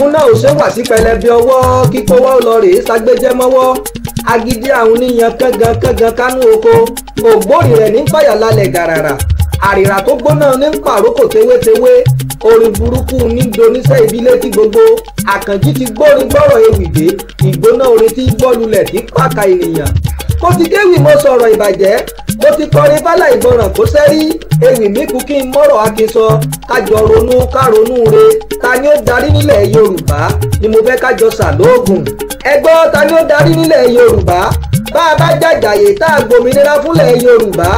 ogun náà ò ṣe wà sí pẹlẹbẹ ọwọ́ kíkó wá lọ rèé ságbéjẹ́ mọ́wọ́ agídí àwọn oníyan kángan kángan kánú oko ògbóòrì rẹ̀ ní pàyà lálẹ́ gàràrà àrìrà tó gbóná ní pàrókò tewétewé orin burúkú ní doníṣẹ́ ìbílẹ̀ tí gbogbo àkànjí ti gbórin gbọ́rọ̀ ewì dé ìgbóná orin tí gbọ́lulẹ̀ tí pàkà ènìyàn mo ti kéwì mo sọ̀rọ̀ ìbàjẹ́ mo ti kọrin fálà ìgbọràn kó sẹ́rí ewì mi kú kí n mọ́rọ̀ akínsọ kájọ ronú káronú re ta ni ó darí nílẹ̀ Yorùbá ni mo fẹ́ kájọ sàlóògùn ẹgbọ́ ta ni ó darí nílẹ̀ Yorùbá bá a bá jàjàyè tá a gbòmìnira fúnlẹ̀ Yorùbá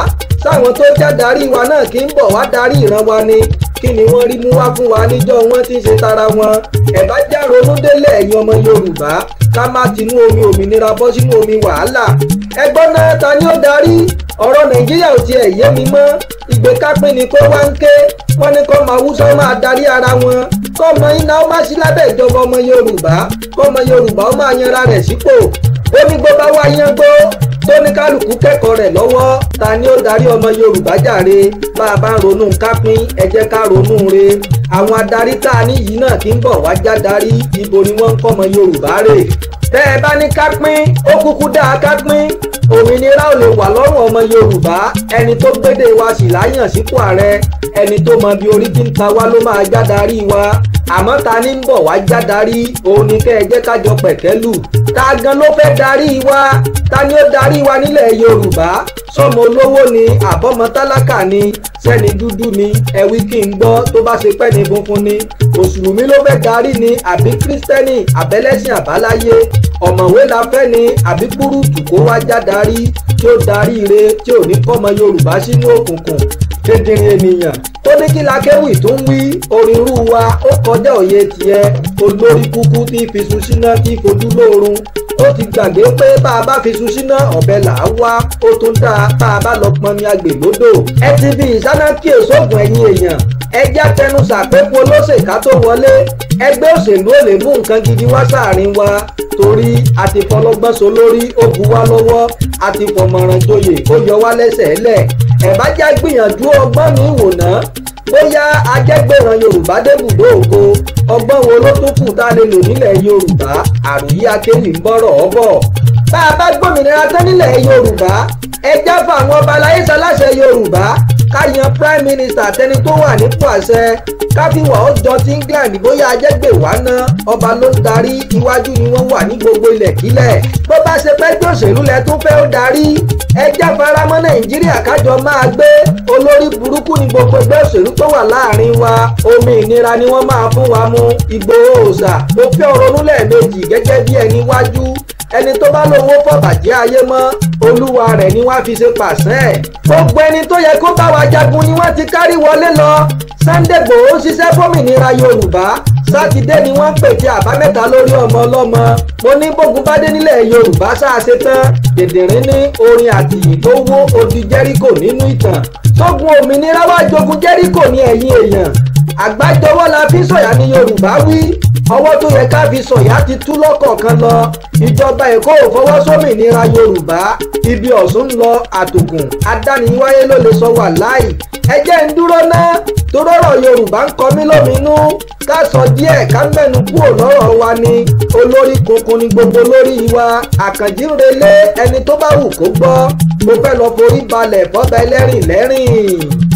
sáwọn tó já darí wa náà kí n bọ̀ wá darí ìran wa ni kí ni wọ́n rí mú wá fún wa níjọ́ wọ́n ti ṣe tara wọn ẹ̀bá já ronú délẹ̀ ẹ̀yin ọmọ Yorùbá ká má tinú omi òmìnira bọ́ sínú omi wàhálà ẹgbọ́n náà ta ni ó darí ọ̀rọ̀ Nàìjíríà ò tiẹ̀ yé mi mọ́ ìgbékápín ni kó wá ń ké wọ́n ní kọ́ máa wúsọ máa darí ara wọn kọ́mọ iná ó má sí lábẹ́ ìjọba ọmọ Yorùbá kọ́mọ Yorùbá ó máa yanra rẹ̀ sípò ó ní gbọ́ bá gbó tó ní kálukú kẹ́kọ̀ọ́ rẹ̀ lọ́wọ́ ta ni ó darí ọmọ Yorùbá jàre bá a bá ń ronú kápín ẹ jẹ́ ká ronú re àwọn adarí tá a ní yìí náà kí ń bọ̀ wá já darí ibo ni wọ́n ń kọ́ ọmọ Yorùbá rè tẹ́ ẹ bá ní kápín ó kúkú dáa kápín òmìnira ò lè wà lọ́rùn ọmọ yorùbá ẹni tó gbédè wa sì láyàn sípò ààrẹ ẹni tó mọ bí orí ti ń ta wá ló máa jádarí wa àmọ́ ta ni ń bọ̀ wá já darí òun ni kẹ́ ẹ jẹ́ ká jọ pẹ̀kẹ́lù ta gan ló fẹ́ darí wa ta ni ó darí wa nílẹ̀ Yorùbá sọmọ olówó ni àbọ̀mọ tálákà ni sẹ́ni dúdú ni ẹ̀wí kí n gbọ́ tó bá ṣe pẹ́ ni funfun ni òṣùlùmí ló fẹ́ darí ni àbí kírísítẹ́nì àbẹ́lẹ́sìn àbáláyé ọ̀mọ̀wé la fẹ́ ni àbí kúrúùtù kó wá já darí tí ó darí ire tí ò ní kọ́mọ Yorùbá sínú òkùnkùn kedere ènìyàn ní kí lakéwì tó ń wí orírú wa ó kọjá òye tiẹ̀ olórí kúkú tí fiṣu síná tí fojú lóorun ó ti gbàgbé pé bá a bá fiṣu síná ọ̀bẹ là á wá ó tún dáa bá a bá lọ pọnmi agbègbódò ẹ ti fi ìsánákì èsògùn ẹ̀yin èèyàn ẹjẹ́ tẹnusà pépo lóṣèká tó wọlé ẹgbẹ́ òṣèlú ò lè mú nǹkan gidi wá sáàrin wa torí àti fọlọ́gbọ́n so lórí ó bu wá lọ́wọ́ àti fọmọ̀ràn joyè ó yọ wá lẹ́sẹ̀ lẹ̀ ẹ̀ bá já gbìyànjú ọgbọ́n mi wò ná bóyá ajẹ́gbẹ̀ràn yorùbá débùdó ògo ọgbọ́n wo ló tún kù tá a lè lò nílẹ̀ yorùbá àròyé akéwì ń bọ̀rọ̀ ọ̀bọ̀ bá a bá gbòmìnira tán nílẹ̀ yorùbá ẹjá fún àwọn ọba aláyé sáláṣẹ yorùbá ká yan prime minister tẹni tó wà nípò àṣẹ káfíwà ó jọ ti england bóyá ajẹ́gbẹ̀wá ná ọba ló ń darí iwájú ni wọ́n wà ní gbogbo ilẹ̀kílẹ̀ bá ṣe pẹ́ gbé òṣèlú lẹ tún fẹ́ ó darí ẹ jáfara mọ́ nàìjíríà kájọ máa gbé olórí burúkú ni gbogbo ẹgbẹ́ òṣèlú tó wà láàrin wa omi ìnira ni wọ́n máa fún wa mu Ìgbòho òòṣà mo fẹ́ ronú lẹ́ẹ̀mejì gẹ́gẹ́ bí ẹni wájú ẹni tó bá lówó fọ̀bàjẹ́ ayé mọ́ olúwa rẹ̀ ni wọ́n fi ṣe pàṣẹ gbogbo ẹni tó yẹ kó bá wa jagun ni wọ́n ti kárí wọlé lọ Sunday Igboho ṣiṣẹ́ fómìnira Yorùbá sátidé ni wọ́n pète àbámẹ́ta lórí ọmọ ọlọ́mọ mo ní bógun bá dé nílẹ̀ yorùbá sáàṣe tán dèdèrìn ní orin àtìyí tó wó odi jẹ́ríkò nínú ìtàn tógun òmìnira wá jogun jẹ́ríkò ní ẹ̀yìn èèyàn àgbájọwọ́ la fi sọ̀yà ní yorùbá wí ọwọ́ tó yẹ ká fi sọ̀yà ti tú lọ́kọ̀ọ̀kan lọ ìjọba èkó ò fọwọ́ sómìnira yorùbá ibi ọ̀sùn ń lọ àtògùn adániwáyé ló lè sọ wà láì ẹjẹ́ ń dúró ná yorùbá ń kọ mí lóminú ká sọ díẹ̀ ká mẹ́nu kúrò lọ́rọ̀ wa ni olórí kunkun ni gbogbo lórí wa àkànjí ń relé ẹni tó bá wù kó gbọ́ mo fẹ́ lọ forí balẹ̀ fọ́ba ẹlẹ́rìn lẹ́rìn.